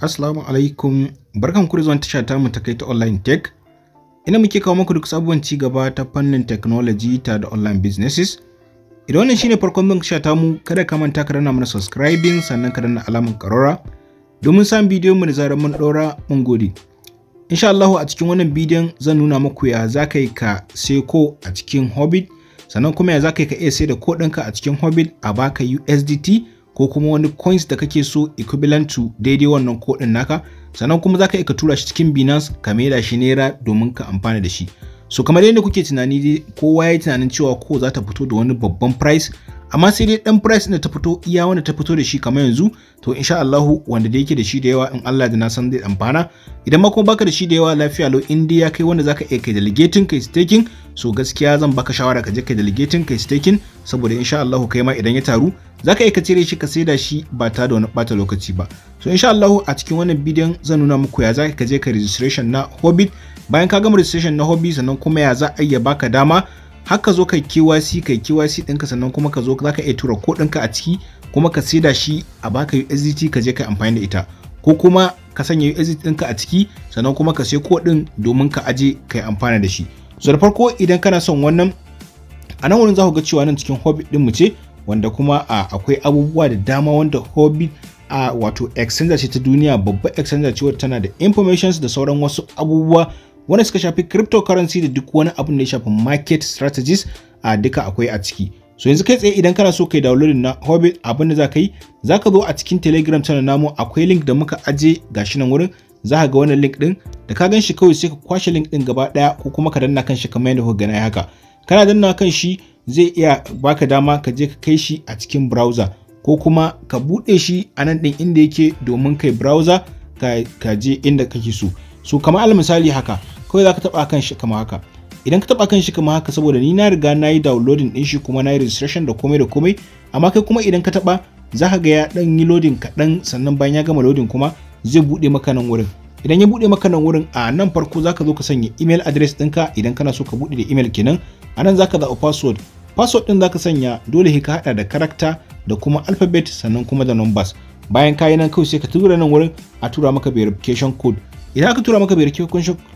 Assalamu alaikum, barkan ku da zuwa tasha ta mu kai ta online tech. Ina muke kawo muku duk sabon ci gaba ta fannin technology ta da online businesses. Idan wannan shine farkon mun tasha ta mu, kada ka manta ka danna mana subscribing sannan ka danna alamar karora domin samun bidiyon mu da zarar mun daura mun gode. Insha Allah a cikin wannan bidiyon zan nuna muku ya zakai ka yi ka seko a cikin Hobbit sannan kuma ya zakai ka yi ka iya sai da kodinka a cikin Hobbit a baka USDT ko kuma wani coins da kake so equivalent to daidai wannan kodin naka sannan kuma zaka iya ka tura shi cikin Binance ka da shi naira domin ka amfana da shi so kamar yadda kuke tunani dai kowa ya yi tunanin cewa ko za ta fito da wani babban price amma sai dai dan price ne ta fito iya wanda ta fito da shi kamar yanzu to insha Allah wanda da yake da shi da yawa in Allah da na san zai amfana idan ma kuma baka da shi da yawa lafiya lau India ya kai wanda zaka iya kai delegating kai staking so gaskiya zan baka shawara ka je kai delegating kai staking saboda insha Allah kai ma idan ya taru zaka iya ka cire shi ka saida shi ba ta da wani bata lokaci ba so insha Allah a cikin wannan bidiyon zan nuna muku ya zaka ka je ka registration na Hobbit bayan ka gama registration na Hobbit sannan kuma ya za a iya baka dama haka zo kai KYC kai KYC ɗinka sannan kuma ka zo za ka iya tura ko ɗinka a ciki kuma ka saida shi a baka USDT ka je kai amfani da ita ko kuma ka sanya USDT ɗinka a ciki sannan kuma ka sai ko ɗin domin ka aje kai amfana da shi so da farko idan kana son wannan a nan wurin za ku ga cewa nan cikin hobbit ɗin mu ce wanda kuma akwai abubuwa da dama wanda hobbit a wato exchange ce ta duniya babbar exchange ce tana da informations da sauran wasu abubuwa wanda suka shafi cryptocurrency da duk wani abin da ya shafi market strategies a duka akwai a ciki so yanzu kai tsaye idan kana so kai downloading na hobbit abin da za ka yi za ka zo a cikin telegram channel namu akwai link da muka aje gashi nan wurin za ka ga wannan link din da ka gan shi kawai sai ka kwashe link din gaba daya ko kuma ka danna kan shi kamar yadda kuka gana haka kana danna kan shi zai iya baka dama ka je ka kai shi a cikin browser ko kuma ka buɗe shi a nan ɗin inda yake domin kai browser ka, je inda kake so so kamar al misali haka kawai za ka taba kan shi kama haka idan ka taɓa kan shi kama haka saboda ni na riga na yi downloading ɗin shi kuma na yi registration da komai da komai amma kai kuma idan ka taɓa za ka ga ya ɗan yi loading kaɗan sannan bayan ya gama loading kuma zai buɗe maka nan wurin idan ya buɗe maka nan wurin a nan farko za ka zo ka sanya email address ɗinka idan kana so ka buɗe da email kenan a nan za ka zaɓa password password ɗin za ka sanya dole ka haɗa da character da kuma alphabet sannan kuma da numbers bayan kayi nan kawai sai ka tura nan wurin a tura maka verification code idan aka tura maka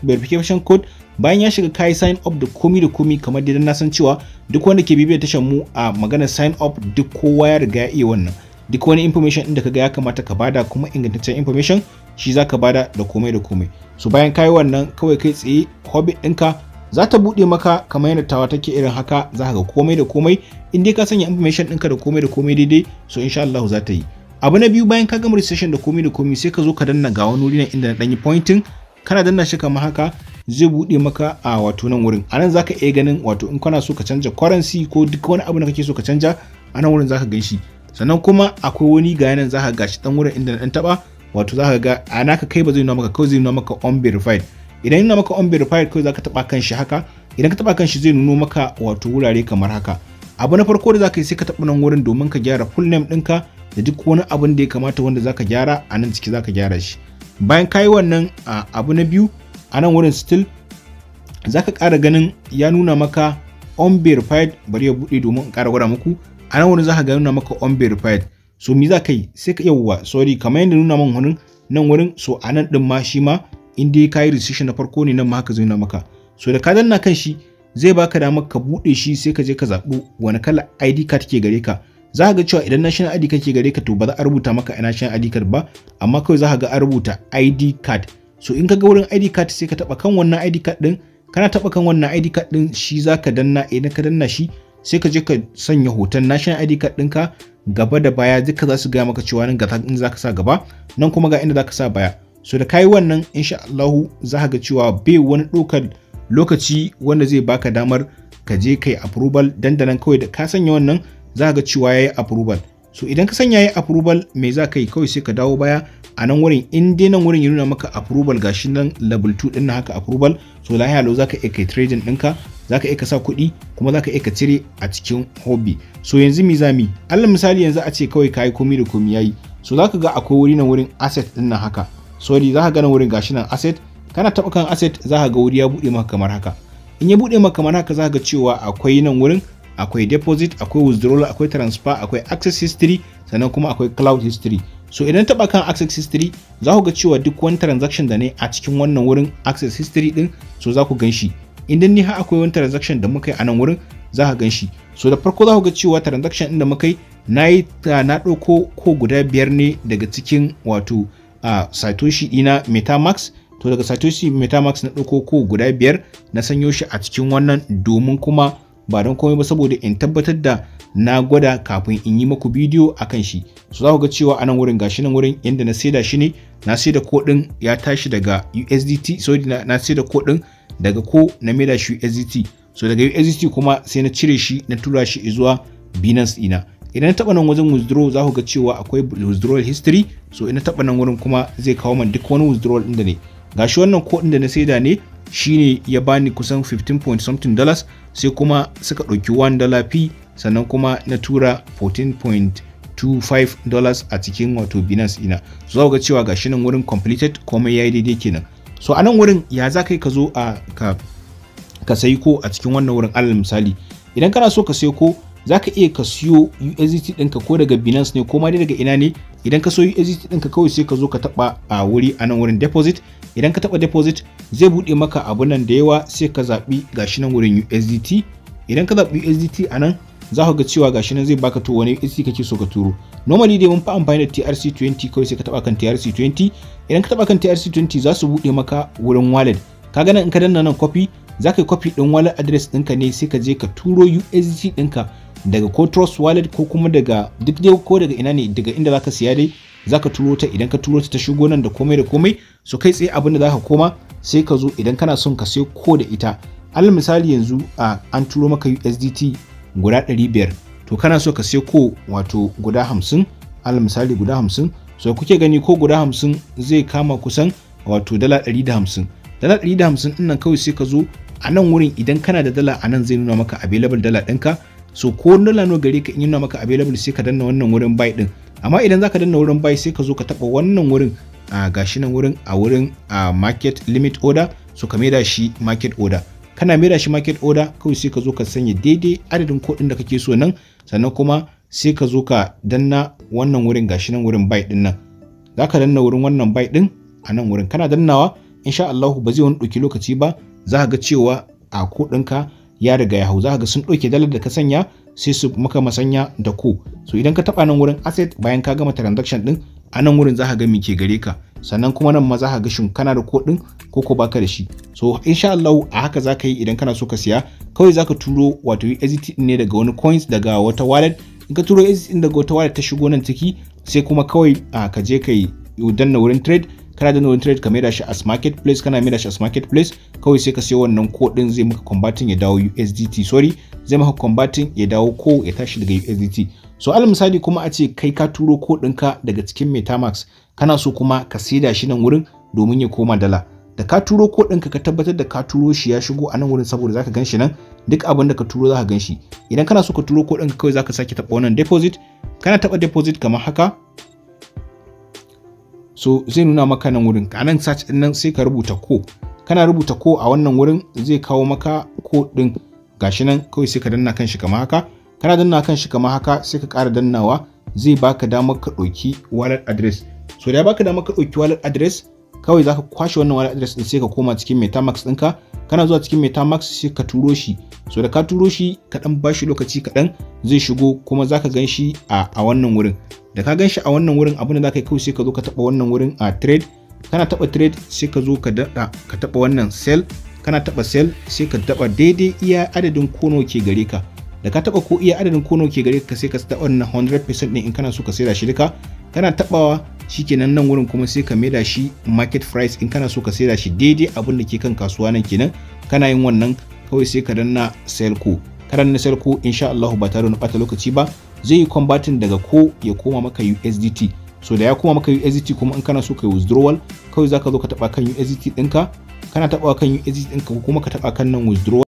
verification code bayan ya shiga kai sign up da komi da komi kamar da na san cewa duk wanda ke bibiyar tashar mu a maganar sign up duk kowa ya riga ya iya wannan duk wani information da kaga ya kamata ka bada kuma ingantaccen information shi za ka bada da komai da komai so bayan kayi wannan kawai kai tsaye hobby ɗinka za ta buɗe maka kamar yadda tawa take irin haka za ka ga komai da komai in dai ka sanya information ɗinka da komai da komai daidai so insha Allah za ta yi abu na biyu bayan ka gama registration da komai da komai sai ka zo ka danna ga wani wuri na inda na danyi pointing kana danna shi kamar haka zai bude maka a wato nan wurin anan zaka iya ganin wato in kana so ka canja currency ko duk wani abu da kake so ka canja a nan wurin zaka shi sannan kuma akwai wani ga yanan zaka shi dan wurin inda na dan taba wato zaka ga a ka kai ba zai nuna maka kai zai nuna maka unverified idan nuna maka unverified kawai zaka taba kan shi haka idan ka taba kan shi zai nuno maka wato wurare kamar haka abu na farko da zaka yi sai ka taɓa nan wurin domin ka gyara full name ɗinka da duk wani abun da ya kamata wanda zaka gyara a nan ciki zaka gyara shi bayan kayi wannan abu na biyu a nan wurin still zaka ƙara ganin ya nuna maka unverified bari ya buɗe domin in ƙara gwada muku a nan wurin zaka ga nuna maka unverified so me za ka yi sai ka yawwa sorry kamar yadda nuna man wurin nan wurin so a nan ma shi ma in dai ka yi na farko ne nan ma haka zai nuna maka so da ka danna kan shi zai baka damar ka buɗe shi sai ka je ka zaɓi wani kala ID card ke gare ka za ka ga cewa idan national ID kake gare ka to ba za a rubuta maka national ID card ba amma kawai za ka ga a rubuta ID card so in ka ga wurin ID card sai ka taba kan wannan ID card din kana taba kan wannan ID card din shi za ka danna idan ka danna shi sai ka je ka sanya hoton national ID card ka? gaba da baya duka za su gaya maka cewa nan ga inda za ka sa gaba nan kuma ga inda za ka sa baya so da kayi wannan insha Allahu za ka ga cewa bai wani dokar. lokaci wanda zai baka damar ka je kai approval dandanan kawai da ka sanya wannan za ga cewa yayi approval so idan ka sanya yayi approval me za ka yi kawai sai ka dawo baya a nan wurin in dai nan wurin ya nuna maka approval gashi nan level 2 din haka approval so lahiya lo za ka iya kai trading ɗinka za ka iya ka sa kuɗi kuma za ka iya ka cire a cikin hobby so yanzu mi za mi allah misali yanzu a ce kawai ka yi komi da komi yayi so za ka ga akwai wuri nan wurin asset ɗin haka sorry za ka ga nan wurin gashi nan asset kana taɓa kan asset za ka ga wuri ya buɗe maka kamar haka in ya buɗe maka kamar haka za ka ga cewa akwai nan wurin akwai deposit akwai withdrawal akwai transfer akwai access history sannan kuma akwai cloud history so idan taɓa kan access history za ku ga cewa duk wani transaction da ne a cikin wannan wurin access history din so za ku gan shi idan ni har akwai wani transaction da muka yi a nan wurin za ka gan shi so da farko za ku ga cewa transaction ɗin da muka yi na yi ta ah, na ɗauko ko guda biyar ne daga cikin wato a ah, satoshi ɗina metamax to daga satoshi metamax na ɗauko ko guda biyar na sanyo shi a cikin wannan domin kuma ba don komai ba saboda in tabbatar da na gwada kafin in yi maku bidiyo a kan shi so za ku ga cewa anan wurin gashi nan wurin inda na saida shi ne na saida ko din ya tashi daga USDT so na, saida ko din daga ko na maida shi USDT so daga USDT kuma sai na cire shi na tura shi zuwa Binance ina idan na taba nan wajen withdraw za ku ga cewa akwai withdrawal history so ina taba nan wurin kuma zai kawo man duk wani withdrawal din da ne gashi wannan kodin da na saida ne shine ya bani kusan 15 point something sai kuma suka ɗauki 1 dollar fi sannan kuma na tura 14.25 dollars a cikin wato binance ina zuwa ga cewa gashi nan wurin completed komai yayi daidai kenan so a nan wurin ya za kai ka zo a ka sai ko a cikin wannan wurin alal misali idan kana so ka sai ko za ka iya ka siyo USDT ɗinka ko daga Binance ne ko ma dai daga ina ne idan ka siyo USDT ɗinka kawai sai ka zo ka taɓa a wuri a nan wurin deposit idan ka taɓa deposit zai buɗe maka abu nan da yawa sai ka zaɓi gashi nan wurin USDT idan ka zaɓi USDT a nan za ka ga cewa gashi nan zai baka to wani USDT kake so ka turo normally dai mun fi amfani da TRC20 kawai sai ka taɓa kan TRC20 idan ka taɓa kan TRC20 za su buɗe maka wurin wallet ka nan in ka danna nan copy za ka yi copy ɗin wallet address ɗinka ne sai ka je ka turo USDT ɗinka daga ko trust wallet ko kuma daga duk dai ko daga ina ne daga inda zaka siya dai zaka turo ta idan ka turo ta ta shigo nan da komai da komai so kai tsaye abin da zaka koma sai ka zo idan kana son ka sai ko da ita al misali yanzu a an turo maka USDT guda 500 to kana so ka sai ko wato guda 50 al misali guda 50 so kuke gani ko guda 50 zai kama kusan wato dala 150 dala 150 din nan kawai sai ka zo a nan wurin idan kana da dala a nan zai nuna maka available dala ɗinka so ko dala nawa gare ka in yana maka available sai ka danna wannan wurin buy din amma idan zaka danna wurin buy sai ka zo ka taba wannan wurin a gashi nan wurin a wurin a market limit order so ka maida shi market order kana maida shi market order kawai sai ka zo ka sanya daidai adadin kuɗin da kake so nan sannan kuma sai ka zo ka danna wannan wurin gashi nan wurin buy din nan zaka danna wurin wannan buy din a nan wurin kana dannawa insha Allah ba zai wani ɗauki lokaci ba za ka ga cewa a ka? ya riga ya hau za ga sun ɗauke dalar da ka sanya sai su maka masanya da ko so idan ka taba nan wurin asset bayan ka gama transaction din a nan wurin za ka ga ke gare ka sannan kuma nan ma za ka ga shin kana da ko ɗin ko ko baka da shi so insha Allah a haka za ka yi idan kana so ka siya kawai za ka turo wato USDT ne daga wani coins daga wata wallet in ka turo USDT daga wata wallet ta shigo nan ciki sai kuma kawai ka je ka yi danna wurin trade kana da wani trade ka da shi as marketplace kana da shi as marketplace kawai sai ka sayo wannan koɗin zai maka converting ya dawo USDT sorry zai maka converting ya dawo ko ya tashi daga USDT so al misali kuma a ce kai ka turo code ka daga cikin Metamask kana so kuma ka saida shi nan wurin domin ya koma dala da ka turo ko ka ka tabbatar da ka turo shi ya shigo a nan wurin saboda zaka gan shi nan duk abin da ka turo zaka gan shi idan kana so ka turo ko ka kawai zaka sake taba wannan deposit kana taɓa deposit kamar haka so zai nuna maka nan wurin a nan search din nan sai ka rubuta ko kana rubuta ko a wannan wurin zai kawo maka ko din gashi nan kawai sai ka danna kan shi kamar haka kana danna kan shi kamar haka sai ka ƙara dannawa zai baka damar ka ɗauki wallet address so da ya baka damar ka ɗauki wallet address kawai zaka kwashe wannan wallet address din sai ka koma cikin metamax ɗinka kana zuwa cikin metamax sai ka turo shi so da ka turo shi ka dan bashi lokaci kaɗan zai shigo kuma zaka gan shi a wannan wurin da ka gan shi a wannan wurin abin da za ka yi kawai sai ka zo ka taɓa wannan wurin a trade kana taɓa trade sai ka zo ka daɗa ka taɓa wannan sell kana taɓa sell sai ka daɓa daidai iya adadin kono ke gare ka da ka taɓa ko iya adadin kono ke gare ka sai ka taɓa wannan 100% ɗin in kana so ka saida shi duka kana taɓawa shikenan nan wurin kuma sai ka maida shi market price in kana so ka saida shi daidai abin da ke kan kasuwa nan kenan kana yin wannan kawai sai ka danna sell ko ka danna sell ko insha Allah ba tare da ɓata lokaci ba zai yi combating daga ko ya koma maka USDT so da ya koma maka USDT kuma in kana so kai withdrawal kawai zaka zo ka taba kan USDT ɗinka kana taba kan USDT ɗinka ko kuma ka taba kan nan withdrawal